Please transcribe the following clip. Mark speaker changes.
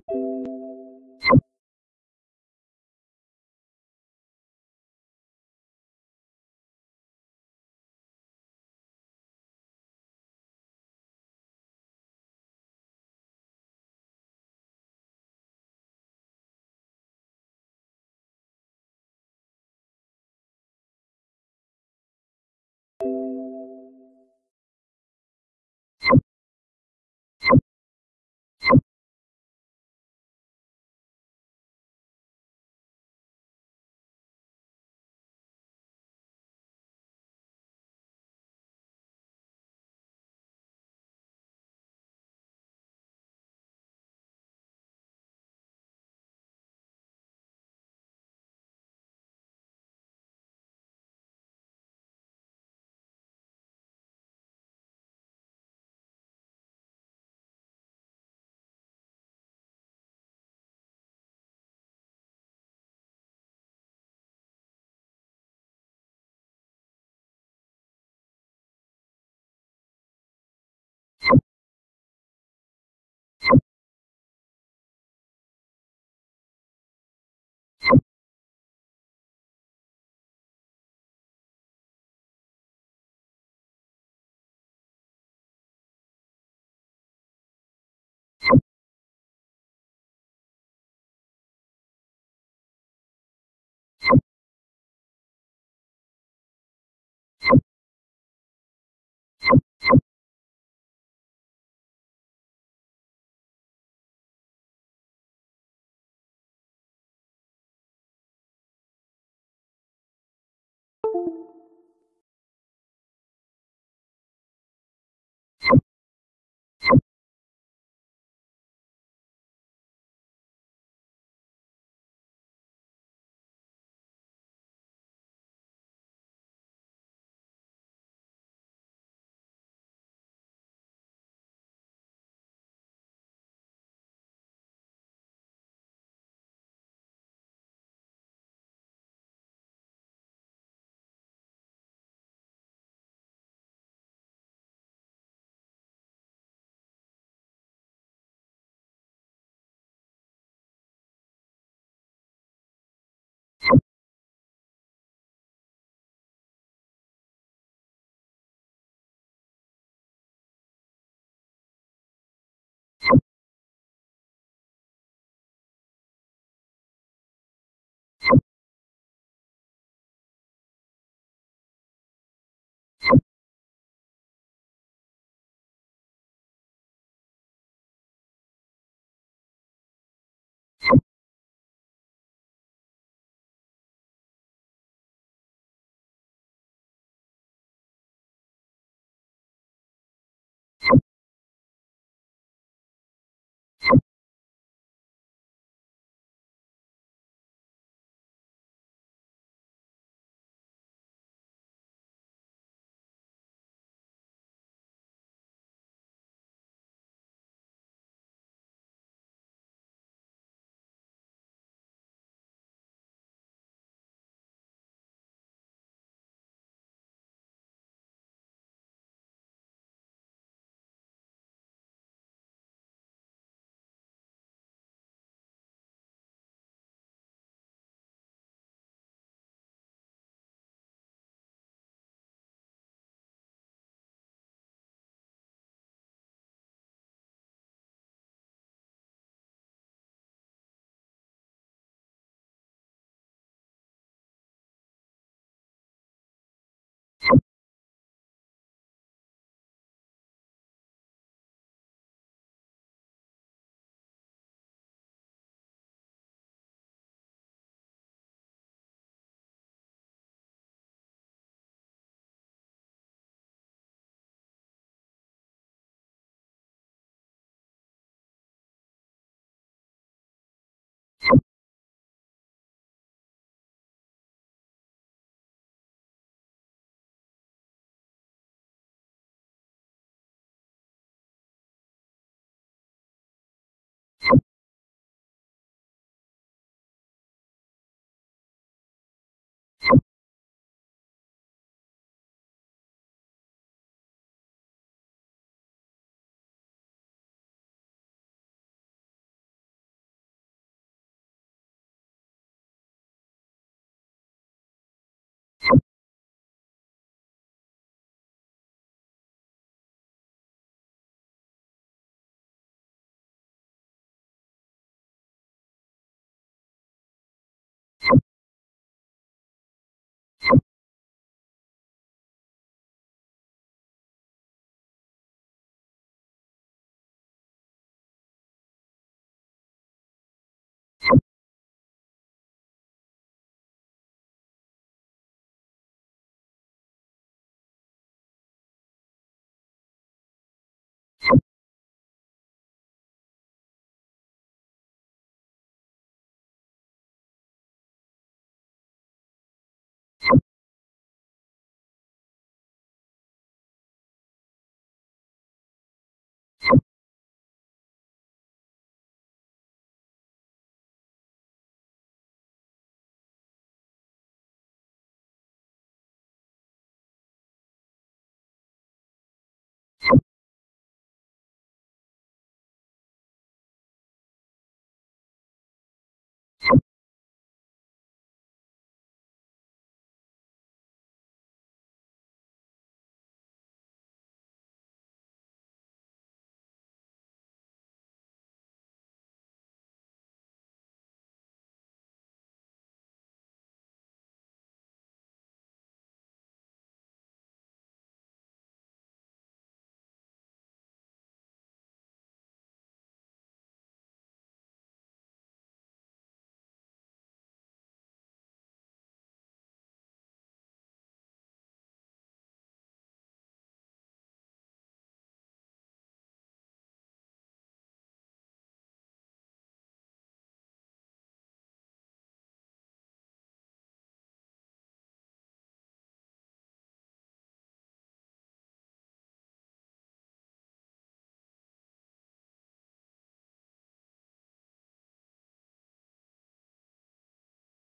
Speaker 1: you